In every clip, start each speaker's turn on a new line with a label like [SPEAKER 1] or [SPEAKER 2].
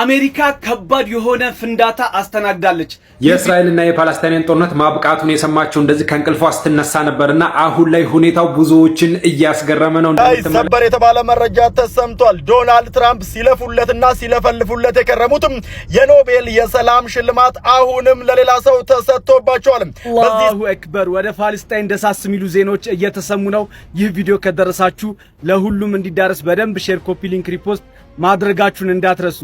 [SPEAKER 1] አሜሪካ ከባድ የሆነ ፍንዳታ አስተናግዳለች። የእስራኤልና የፓለስታይን ጦርነት ማብቃቱን የሰማችው እንደዚህ ከእንቅልፏ ስትነሳ ነበርና አሁን ላይ ሁኔታው ብዙዎችን እያስገረመ ነው። ሰበር የተባለ መረጃ ተሰምቷል። ዶናልድ ትራምፕ ሲለፉለትና ሲለፈልፉለት የከረሙትም የኖቤል የሰላም ሽልማት አሁንም ለሌላ ሰው ተሰጥቶባቸዋል። አላሁ አክበር። ወደ ፓለስታይን ደሳስ የሚሉ ዜናዎች እየተሰሙ ነው። ይህ ቪዲዮ ከደረሳችሁ ለሁሉም እንዲዳረስ በደንብ ሼር፣ ኮፒ ሊንክ፣ ሪፖስት ማድረጋችሁን እንዳትረሱ።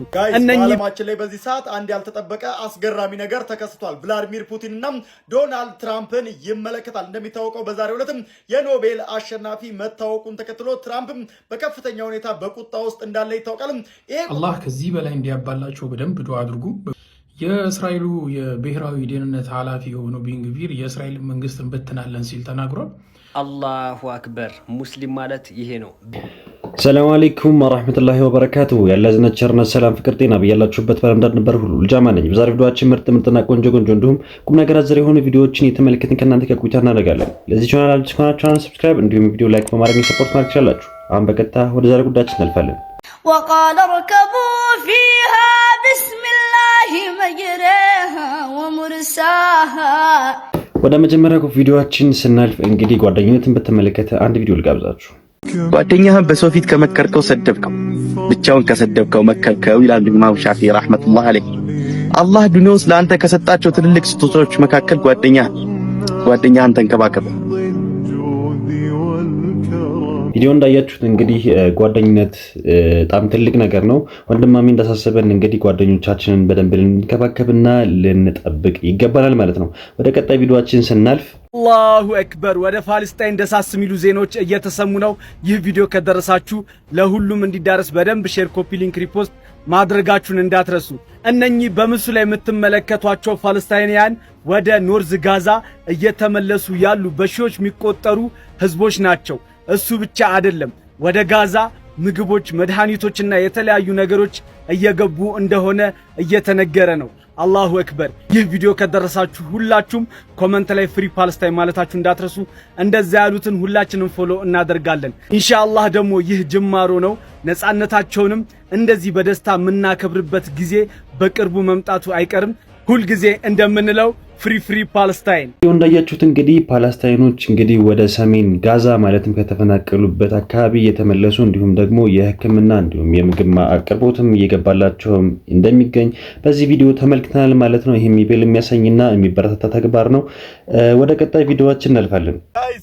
[SPEAKER 1] ዓለማችን ላይ በዚህ ሰዓት አንድ ያልተጠበቀ አስገራሚ ነገር ተከስቷል። ቭላዲሚር ፑቲን እና ዶናልድ ትራምፕን ይመለከታል። እንደሚታወቀው በዛሬው ዕለትም የኖቤል አሸናፊ መታወቁን ተከትሎ ትራምፕ በከፍተኛ ሁኔታ በቁጣ ውስጥ እንዳለ ይታወቃል። አላህ ከዚህ በላይ እንዲያባላቸው በደንብ ዱዓ አድርጉ። የእስራኤሉ የብሔራዊ ደህንነት ኃላፊ የሆነው ቢንግቪር የእስራኤል መንግስትን በትናለን ሲል ተናግሯል።
[SPEAKER 2] አላሁ አክበር ሙስሊም ማለት ይሄ ነው። ሰላም አለይኩም ወራህመቱላሂ ወበረካቱ። ያለዝነት ቸርነት ሰላም ፍቅር ጤና በያላችሁበት በረምዳድ ነበር ሁሉ ልጃማ ነኝ። በዛሬ ቪዲዮአችን ምርጥ ምርጥና ቆንጆ ቆንጆ እንዲሁም ቁም ነገር አዘር የሆኑ ቪዲዮዎችን የተመለከትን ከእናንተ ከቆይታ እናደርጋለን። ለዚህ ቻናል አዲስ ከሆናችሁ ቻናል ሰብስክራይብ እንዲሁም ቪዲዮ ላይክ በማድረግ ሰፖርት ማድረግ ትችላላችሁ። አሁን በቀጥታ ወደ ዛሬ ጉዳያችን እናልፋለን። ወቃለ ርከቡ ፊሃ ቢስሚላሂ መጅሪሃ ወሙርሳሃ ወደ መጀመሪያ ቪዲዮችን ስናልፍ እንግዲህ ጓደኝነትን በተመለከተ አንድ ቪዲዮ ልጋብዛችሁ። ጓደኛህን በሰው ፊት ከመከርከው ሰደብከው፣ ብቻውን ከሰደብከው መከርከው ይላሉ ኢማም ሻፊ ረሕመቱላህ አለይህ። አላህ ዱንያ ውስጥ ለአንተ ከሰጣቸው ትልልቅ ስጦታዎች መካከል ጓደኛህን ጓደኛህን ተንከባከበ ቪዲዮ እንዳያችሁት እንግዲህ ጓደኝነት በጣም ትልቅ ነገር ነው። ወንድማሜ እንዳሳሰበን እንግዲህ ጓደኞቻችንን በደንብ ልንከባከብና ልንጠብቅ ይገባናል ማለት ነው። ወደ ቀጣይ ቪዲዮችን ስናልፍ አላሁ አክበር ወደ ፋልስጣይን ደሳስ የሚሉ ዜናዎች እየተሰሙ ነው። ይህ ቪዲዮ ከደረሳችሁ ለሁሉም እንዲዳረስ በደንብ ሼር፣ ኮፒ ሊንክ፣ ሪፖስት ማድረጋችሁን እንዳትረሱ። እነኚህ በምስሉ ላይ የምትመለከቷቸው ፋለስታይንያን ወደ ኖርዝ ጋዛ እየተመለሱ ያሉ በሺዎች የሚቆጠሩ ህዝቦች ናቸው። እሱ ብቻ አይደለም፣ ወደ ጋዛ ምግቦች፣ መድኃኒቶችና የተለያዩ ነገሮች እየገቡ እንደሆነ እየተነገረ ነው። አላሁ አክበር። ይህ ቪዲዮ ከደረሳችሁ ሁላችሁም ኮመንት ላይ ፍሪ ፓለስታይን ማለታችሁ እንዳትረሱ። እንደዛ ያሉትን ሁላችንም ፎሎ እናደርጋለን። ኢንሻአላህ ደግሞ ይህ ጅማሮ ነው። ነፃነታቸውንም እንደዚህ በደስታ የምናከብርበት ጊዜ በቅርቡ መምጣቱ አይቀርም። ሁልጊዜ እንደምንለው ፍሪ ፍሪ ፓለስታይን እንዳያችሁት እንግዲህ ፓለስታይኖች እንግዲህ ወደ ሰሜን ጋዛ ማለትም ከተፈናቀሉበት አካባቢ እየተመለሱ እንዲሁም ደግሞ የሕክምና እንዲሁም የምግብ አቅርቦትም እየገባላቸውም እንደሚገኝ በዚህ ቪዲዮ ተመልክተናል ማለት ነው። ይህም ይብል የሚያሰኝና የሚበረታታ ተግባር ነው። ወደ ቀጣይ ቪዲዮችን እናልፋለን።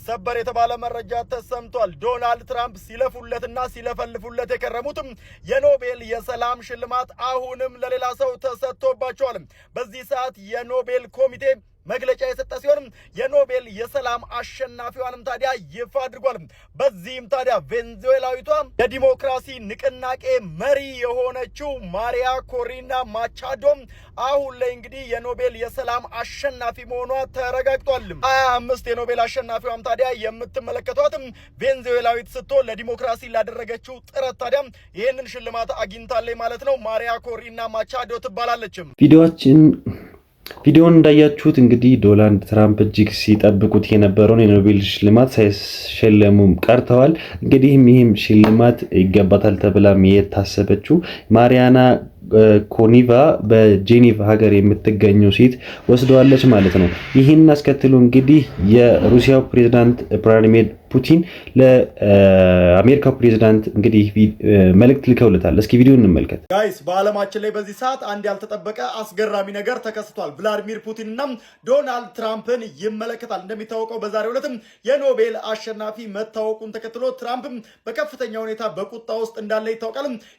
[SPEAKER 2] ሰበር የተባለ መረጃ ተሰምቷል። ዶናልድ ትራምፕ ሲለፉለትና ሲለፈልፉለት የከረሙትም የኖቤል የሰላም ሽልማት አሁንም ለሌላ ሰው ተሰጥቶባቸዋል። በዚህ ሰዓት የኖቤል ኮሚቴ መግለጫ የሰጠ ሲሆንም የኖቤል የሰላም አሸናፊዋንም ታዲያ ይፋ አድርጓል። በዚህም ታዲያ ቬንዙዌላዊቷ የዲሞክራሲ ንቅናቄ መሪ የሆነችው ማሪያ ኮሪና ማቻዶም አሁን ላይ እንግዲህ የኖቤል የሰላም አሸናፊ መሆኗ ተረጋግጧል። ሀያ አምስት የኖቤል አሸናፊዋም ታዲያ የምትመለከቷትም ቬንዙዌላዊት ስትሆን ለዲሞክራሲ ላደረገችው ጥረት ታዲያ ይህንን ሽልማት አግኝታለች ማለት ነው። ማሪያ ኮሪና ማቻዶ ትባላለችም ቪዲዮችን ቪዲዮውን እንዳያችሁት እንግዲህ ዶናልድ ትራምፕ እጅግ ሲጠብቁት የነበረውን የኖቤል ሽልማት ሳይሸለሙም ቀርተዋል። እንግዲህም ይህም ሽልማት ይገባታል ተብላም የታሰበችው ማሪያና ኮኒቫ በጄኔቭ ሀገር የምትገኘው ሴት ወስደዋለች ማለት ነው። ይህን አስከትሎ እንግዲህ የሩሲያው ፕሬዝዳንት ቭላድሚር ፑቲን ለአሜሪካ ፕሬዚዳንት እንግዲህ መልእክት ልከውለታል። እስኪ ቪዲዮ እንመልከት ጋይስ። በዓለማችን ላይ በዚህ ሰዓት አንድ ያልተጠበቀ አስገራሚ ነገር ተከስቷል። ቭላዲሚር ፑቲን እና ዶናልድ ትራምፕን ይመለከታል። እንደሚታወቀው በዛሬው ዕለትም የኖቤል አሸናፊ መታወቁን ተከትሎ ትራምፕም በከፍተኛ ሁኔታ በቁጣ ውስጥ እንዳለ ይታወቃል።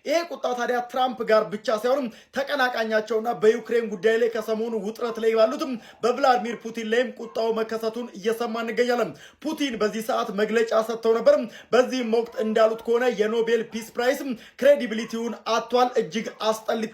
[SPEAKER 2] ይሄ ቁጣ ታዲያ ትራምፕ ጋር ብቻ ሳይሆንም ተቀናቃኛቸውና በዩክሬን ጉዳይ ላይ ከሰሞኑ ውጥረት ላይ ባሉትም በቭላዲሚር ፑቲን ላይም ቁጣው መከሰቱን እየሰማ እንገኛለን። ፑቲን በዚህ ሰዓት መግለጫ ሰጥተው ነበር። በዚህም ወቅት እንዳሉት ከሆነ የኖቤል ፒስ ፕራይስ ክሬዲቢሊቲውን አጥቷል፣ እጅግ አስጠሊታ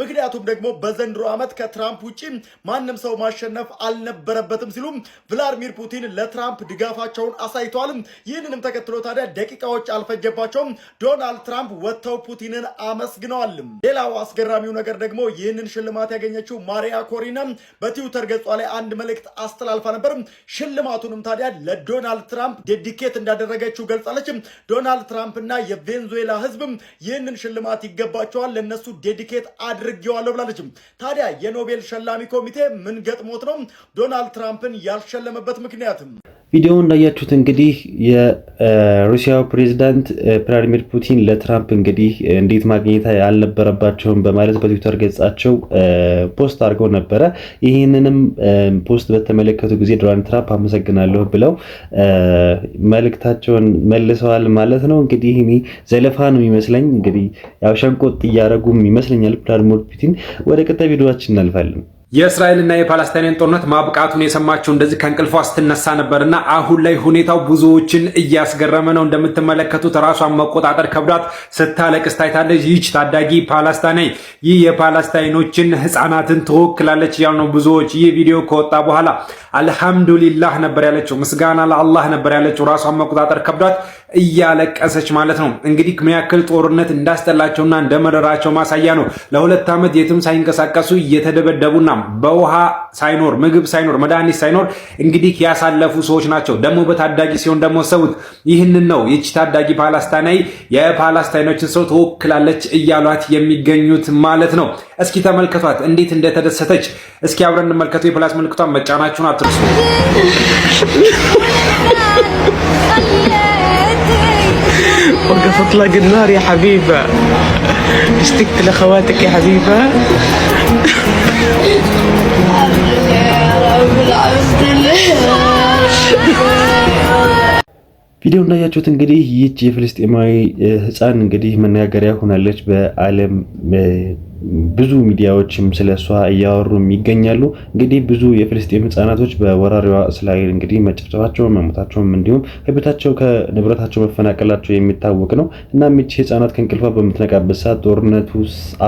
[SPEAKER 2] ምክንያቱም ደግሞ በዘንድሮ ዓመት ከትራምፕ ውጭ ማንም ሰው ማሸነፍ አልነበረበትም ሲሉ ቭላድሚር ፑቲን ለትራምፕ ድጋፋቸውን አሳይተዋል። ይህንንም ተከትሎ ታዲያ ደቂቃዎች አልፈጀባቸውም። ዶናልድ ትራምፕ ወጥተው ፑቲንን አመስግነዋል። ሌላው አስገራሚው ነገር ደግሞ ይህንን ሽልማት ያገኘችው ማሪያ ኮሪና በትዊተር ገጿ ላይ አንድ መልእክት አስተላልፋ ነበር። ሽልማቱንም ታዲያ ለዶናልድ ትራምፕ ዴዲኬት እንዳደረገችው ገልጻለችም። ዶናልድ ትራምፕ ና የቬንዙዌላ ህዝብም ይህንን ሽልማት ይገባቸዋል፣ ለነሱ ዴዲኬት አድርጌዋለሁ ብላለችም። ታዲያ የኖቤል ሸላሚ ኮሚቴ ምን ገጥሞት ነው ዶናልድ ትራምፕን ያልሸለመበት ምክንያትም ቪዲዮ እንዳያችሁት እንግዲህ የሩሲያው ፕሬዚዳንት ቭላዲሚር ፑቲን ለትራምፕ እንግዲህ እንዴት ማግኘት አልነበረባቸውም በማለት በትዊተር ገጻቸው ፖስት አድርገው ነበረ። ይህንንም ፖስት በተመለከቱ ጊዜ ዶናልድ ትራምፕ አመሰግናለሁ ብለው መልእክታቸውን መልሰዋል ማለት ነው። እንግዲህ እኔ ዘለፋ ነው የሚመስለኝ። እንግዲህ ያው ሸንቆጥ እያደረጉም ይመስለኛል ቭላዲሚር ፑቲን። ወደ ቀጣይ ቪዲዮችን እናልፋለን። የእስራኤልና የፓለስታይን ጦርነት ማብቃቱን የሰማቸው እንደዚህ ከእንቅልፏ ስትነሳ ነበርና አሁን ላይ ሁኔታው ብዙዎችን እያስገረመ ነው። እንደምትመለከቱት ራሷን መቆጣጠር ከብዷት ስታለቅስ ታይታለች። ይህች ታዳጊ ፓለስታናይ ይህ የፓለስታይኖችን ሕፃናትን ትወክላለች እያሉ ነው ብዙዎች። ይህ ቪዲዮ ከወጣ በኋላ አልሐምዱሊላህ ነበር ያለችው፣ ምስጋና ለአላህ ነበር ያለችው። ራሷን መቆጣጠር ከብዷት እያለቀሰች ማለት ነው። እንግዲህ ምን ያክል ጦርነት እንዳስጠላቸውና እንደመረራቸው ማሳያ ነው። ለሁለት ዓመት የትም ሳይንቀሳቀሱ እየተደበደቡና በውሃ ሳይኖር ምግብ ሳይኖር መድኃኒት ሳይኖር እንግዲህ ያሳለፉ ሰዎች ናቸው። ደግሞ በታዳጊ ሲሆን ደግሞ ሰውት ይህንን ነው ይቺ ታዳጊ ፓላስታናዊ የፓላስታይኖችን ሰው ትወክላለች እያሏት የሚገኙት ማለት ነው። እስኪ ተመልከቷት እንዴት እንደተደሰተች እስኪ አብረን እንመልከቱ። የፕላስ ምልክቷን መጫናችሁን አትርሱ። وقف اطلاق النار يا حبيبه اشتقت لاخواتك يا حبيبه ቪዲዮ እንዳያችሁት እንግዲህ ይህች የፍልስጤማዊ ህፃን እንግዲህ መነጋገሪያ ሆናለች። በዓለም ብዙ ሚዲያዎችም ስለ እሷ እያወሩም ይገኛሉ። እንግዲህ ብዙ የፍልስጤም ህፃናቶች በወራሪዋ እስራኤል እንግዲህ መጨፍጨፋቸውን፣ መሞታቸውም እንዲሁም ከቤታቸው ከንብረታቸው መፈናቀላቸው የሚታወቅ ነው። እና ምች ህፃናት ከእንቅልፏ በምትነቃበት ሰዓት ጦርነቱ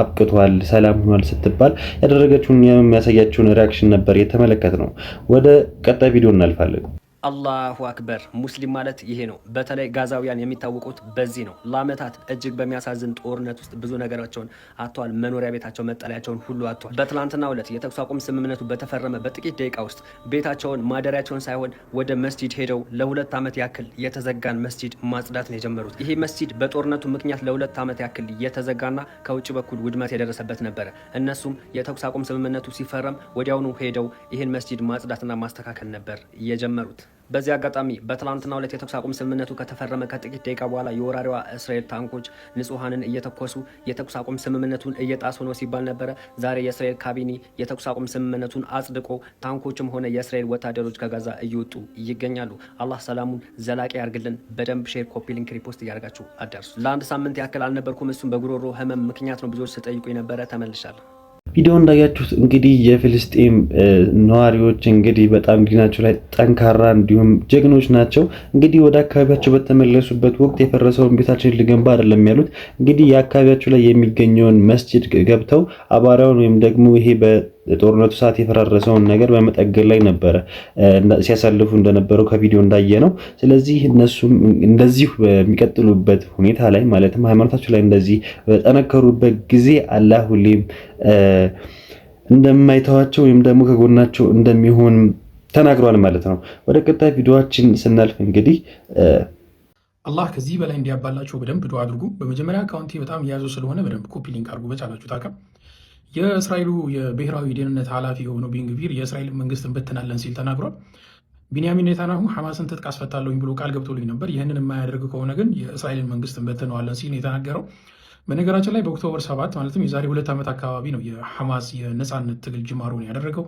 [SPEAKER 2] አብቅቷል፣ ሰላም ሆኗል ስትባል ያደረገችውን የሚያሳያቸውን ሪያክሽን ነበር የተመለከት ነው። ወደ ቀጣይ ቪዲዮ እናልፋለን። አላሁ አክበር ሙስሊም ማለት ይሄ ነው። በተለይ ጋዛውያን የሚታወቁት በዚህ ነው። ለአመታት እጅግ በሚያሳዝን ጦርነት ውስጥ ብዙ ነገራቸውን አጥተዋል። መኖሪያ ቤታቸው፣ መጠለያቸውን ሁሉ አጥተዋል። በትላንትና ዕለት የተኩስ አቁም ስምምነቱ በተፈረመ በጥቂት ደቂቃ ውስጥ ቤታቸውን፣ ማደሪያቸውን ሳይሆን ወደ መስጂድ ሄደው ለሁለት ዓመት ያክል የተዘጋን መስጂድ ማጽዳት ነው የጀመሩት። ይሄ መስጂድ በጦርነቱ ምክንያት ለሁለት ዓመት ያክል የተዘጋና ከውጭ በኩል ውድመት የደረሰበት ነበረ። እነሱም የተኩስ አቁም ስምምነቱ ሲፈረም ወዲያውኑ ሄደው ይህን መስጂድ ማጽዳትና ማስተካከል ነበር የጀመሩት። በዚህ አጋጣሚ በትላንትና ሁለት የተኩስ አቁም ስምምነቱ ከተፈረመ ከጥቂት ደቂቃ በኋላ የወራሪዋ እስራኤል ታንኮች ንጹሐንን እየተኮሱ የተኩስ አቁም ስምምነቱን እየጣሱ ነው ሲባል ነበረ። ዛሬ የእስራኤል ካቢኔ የተኩስ አቁም ስምምነቱን አጽድቆ ታንኮችም ሆነ የእስራኤል ወታደሮች ከጋዛ እየወጡ ይገኛሉ። አላህ ሰላሙን ዘላቂ ያርግልን። በደንብ ሼር፣ ኮፒ ሊንክ፣ ሪፖስት እያደርጋችሁ አዳርሱ። ለአንድ ሳምንት ያክል አልነበርኩም። እሱም በጉሮሮ ህመም ምክንያት ነው ብዙዎች ስጠይቁ የነበረ ተመልሻለሁ። ቪዲዮ እንዳያችሁት እንግዲህ የፊልስጤም ነዋሪዎች እንግዲህ በጣም ዲናቸው ላይ ጠንካራ እንዲሁም ጀግኖች ናቸው። እንግዲህ ወደ አካባቢያቸው በተመለሱበት ወቅት የፈረሰውን ቤታችን ልገንባ አይደለም ያሉት እንግዲህ የአካባቢያቸው ላይ የሚገኘውን መስጅድ ገብተው አባሪያውን ወይም ደግሞ ይሄ የጦርነቱ ሰዓት የፈራረሰውን ነገር በመጠገን ላይ ነበረ ሲያሳልፉ እንደነበረው ከቪዲዮ እንዳየ ነው። ስለዚህ እነሱም እንደዚሁ በሚቀጥሉበት ሁኔታ ላይ ማለትም ሃይማኖታቸው ላይ እንደዚህ በጠነከሩበት ጊዜ አላህ ሁሌም እንደማይተዋቸው ወይም ደግሞ ከጎናቸው እንደሚሆን ተናግሯል ማለት ነው። ወደ ቀጣይ ቪዲዮችን ስናልፍ እንግዲህ አላህ ከዚህ በላይ እንዲያባላቸው በደንብ ዱዓ አድርጉ። በመጀመሪያ አካውንቴ በጣም የያዘው ስለሆነ በደንብ ኮፒ ሊንክ አድርጉ በቻላችሁ ታቀም የእስራኤሉ የብሔራዊ ደህንነት ኃላፊ የሆነው ቢንግቪር የእስራኤል መንግስትን በትናለን ሲል ተናግሯል። ቢንያሚን ኔታንያሁ ሐማስን ትጥቅ አስፈታለሁኝ ብሎ ቃል ገብቶልኝ ነበር፣ ይህንን የማያደርግ ከሆነ ግን የእስራኤልን መንግስት እንበትነዋለን ሲል የተናገረው። በነገራችን ላይ በኦክቶበር ሰባት ማለትም የዛሬ ሁለት ዓመት አካባቢ ነው የሐማስ የነፃነት ትግል ጅማሮን ያደረገው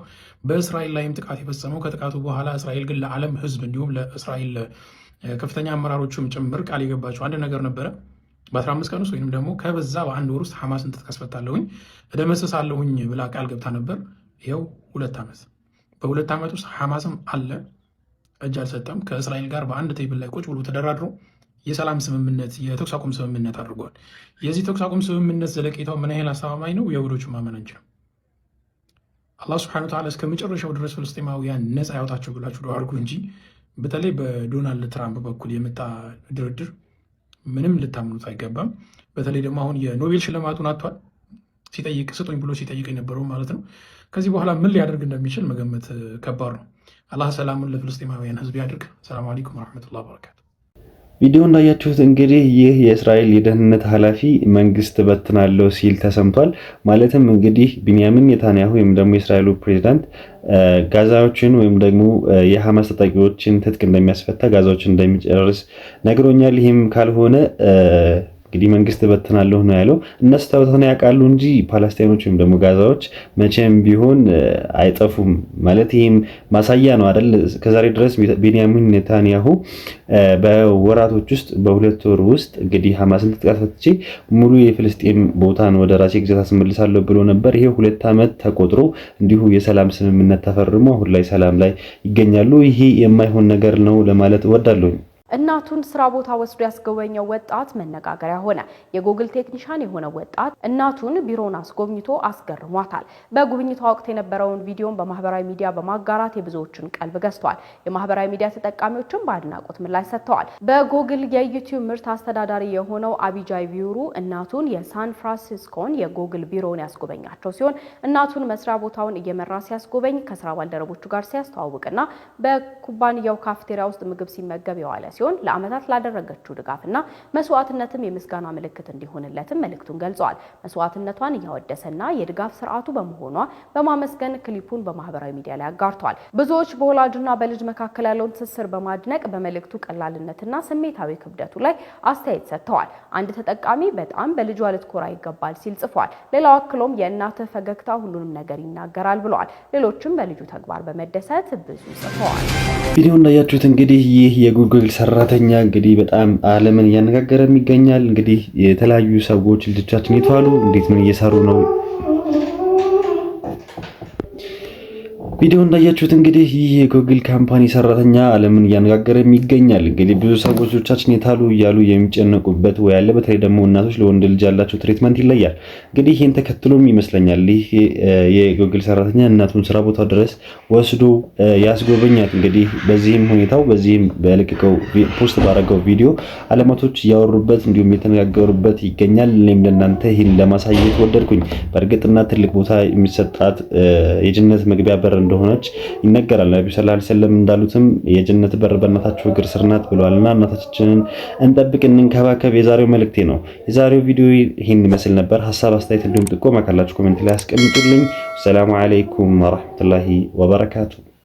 [SPEAKER 2] በእስራኤል ላይም ጥቃት የፈጸመው። ከጥቃቱ በኋላ እስራኤል ግን ለዓለም ህዝብ እንዲሁም ለእስራኤል ከፍተኛ አመራሮችም ጭምር ቃል የገባቸው አንድ ነገር ነበረ በ15 ቀን ውስጥ ወይም ደግሞ ከበዛ በአንድ ወር ውስጥ ሐማስን ትጥቅ አስፈታለሁኝ ብላ ቃል ገብታ ነበር። ይኸው ሁለት ዓመት በሁለት ዓመት ውስጥ ሐማስም አለ እጅ አልሰጠም። ከእስራኤል ጋር በአንድ ቴብል ላይ ቁጭ ብሎ ተደራድሮ የሰላም ስምምነት የተኩስ አቁም ስምምነት አድርጓል። የዚህ ተኩስ አቁም ስምምነት ዘለቄታው ምን ያህል አስተማማኝ ነው? የወዶቹ ማመን አንችልም። አላህ ስብሐነሁ ወተዓላ እስከ መጨረሻው ድረስ ፍልስጤማውያን ነፃ ያውጣቸው ብላችሁ ዱዓ አድርጉ እንጂ በተለይ በዶናልድ ትራምፕ በኩል የመጣ ድርድር ምንም ልታምኑት አይገባም። በተለይ ደግሞ አሁን የኖቤል ሽልማቱን አጥቷል ሲጠይቅ ስጡኝ ብሎ ሲጠይቅ የነበረው ማለት ነው። ከዚህ በኋላ ምን ሊያደርግ እንደሚችል መገመት ከባድ ነው። አላህ ሰላሙን ለፍልስጤማውያን ህዝብ ያድርግ። ሰላም አለይኩም ወረሕመቱላሂ ወበረካቱ ቪዲዮ እንዳያችሁት እንግዲህ ይህ የእስራኤል የደህንነት ኃላፊ መንግስት በትናለው ሲል ተሰምቷል። ማለትም እንግዲህ ቢንያሚን ኔታንያሁ ወይም ደግሞ የእስራኤሉ ፕሬዚዳንት ጋዛዎችን ወይም ደግሞ የሐማስ ታጣቂዎችን ትጥቅ እንደሚያስፈታ፣ ጋዛዎችን እንደሚጨርስ ነግሮኛል። ይህም ካልሆነ እንግዲህ መንግስት በትናለሁ ነው ያለው። እነሱ ተበታትነው ያውቃሉ እንጂ ፓለስቲኖች ወይም ደግሞ ጋዛዎች መቼም ቢሆን አይጠፉም ማለት ይህም ማሳያ ነው አይደል? ከዛሬ ድረስ ቤንያሚን ኔታንያሁ በወራቶች ውስጥ በሁለት ወር ውስጥ እንግዲህ ሀማስን ትጥቃት ፈትቼ ሙሉ የፍልስጤም ቦታን ወደ ራሴ ግዛት አስመልሳለሁ ብሎ ነበር። ይሄ ሁለት ዓመት ተቆጥሮ እንዲሁ የሰላም ስምምነት ተፈርሞ አሁን ላይ ሰላም ላይ ይገኛሉ። ይሄ የማይሆን ነገር ነው ለማለት እወዳለሁ። እናቱን ስራ ቦታ ወስዶ ያስጎበኘው ወጣት መነጋገሪያ ሆነ። የጉግል ቴክኒሻን የሆነው ወጣት እናቱን ቢሮውን አስጎብኝቶ አስገርሟታል። በጉብኝቷ ወቅት የነበረውን ቪዲዮን በማህበራዊ ሚዲያ በማጋራት የብዙዎችን ቀልብ ገዝቷል። የማህበራዊ ሚዲያ ተጠቃሚዎችን በአድናቆት ምላሽ ሰጥተዋል። በጉግል የዩቲዩብ ምርት አስተዳዳሪ የሆነው አቢጃይ ቪዩሩ እናቱን የሳን ፍራንሲስኮን የጉግል ቢሮውን ያስጎበኛቸው ሲሆን እናቱን መስሪያ ቦታውን እየመራ ሲያስጎበኝ ከስራ ባልደረቦቹ ጋር ሲያስተዋውቅና በኩባንያው ካፍቴሪያ ውስጥ ምግብ ሲመገብ የዋለ ሲሆን ሲሆን ለዓመታት ላደረገችው ድጋፍና መስዋዕትነትም የምስጋና ምልክት እንዲሆንለትም መልእክቱን ገልጿል። መስዋዕትነቷን እያወደሰና የድጋፍ ስርዓቱ በመሆኗ በማመስገን ክሊፑን በማህበራዊ ሚዲያ ላይ አጋርቷል። ብዙዎች በወላጅና በልጅ መካከል ያለውን ትስስር በማድነቅ በመልእክቱ ቀላልነትና ስሜታዊ ክብደቱ ላይ አስተያየት ሰጥተዋል። አንድ ተጠቃሚ በጣም በልጇ ልትኮራ ይገባል ሲል ጽፏል። ሌላው አክሎም የእናትህ ፈገግታ ሁሉንም ነገር ይናገራል ብለዋል። ሌሎችም በልጁ ተግባር በመደሰት ብዙ ጽፈዋል። ቪዲዮ እንዳያችሁት እንግዲህ ይህ የጉግል ሰራ ሰራተኛ እንግዲህ በጣም ዓለምን እያነጋገረም ይገኛል። እንግዲህ የተለያዩ ሰዎች ልጆቻችን የተዋሉ እንዴት ምን እየሰሩ ነው ቪዲዮ እንዳያችሁት እንግዲህ ይህ የጎግል ካምፓኒ ሰራተኛ ዓለምን እያነጋገረ ይገኛል። እንግዲህ ብዙ ሰዎቻችን የታሉ እያሉ የሚጨነቁበት ወይ ያለ በተለይ ደግሞ እናቶች ለወንድ ልጅ ያላቸው ትሬትመንት ይለያል። እንግዲህ ይህን ተከትሎም ይመስለኛል ይህ የጎግል ሰራተኛ እናቱን ስራ ቦታ ድረስ ወስዶ ያስጎበኛት። እንግዲህ በዚህም ሁኔታው በዚህም በልቅቀው ፖስት ባረገው ቪዲዮ አለማቶች እያወሩበት እንዲሁም የተነጋገሩበት ይገኛል። እኔም ለእናንተ ይህን ለማሳየት ወደድኩኝ። በእርግጥና ትልቅ ቦታ የሚሰጣት የጀነት መግቢያ በር እንደሆነች ይነገራል። ነቢ ስላ ሰለም እንዳሉትም የጀነት በር በእናታችሁ እግር ስር ናት ብለዋልና እናታችንን እንጠብቅ፣ እንንከባከብ። የዛሬው መልእክቴ ነው። የዛሬው ቪዲዮ ይህን ይመስል ነበር። ሀሳብ፣ አስተያየት እንዲሁም ጥቆማ ካላችሁ ኮሜንት ላይ አስቀምጡልኝ። ሰላሙ አለይኩም ወራህመቱላሂ ወበረካቱ።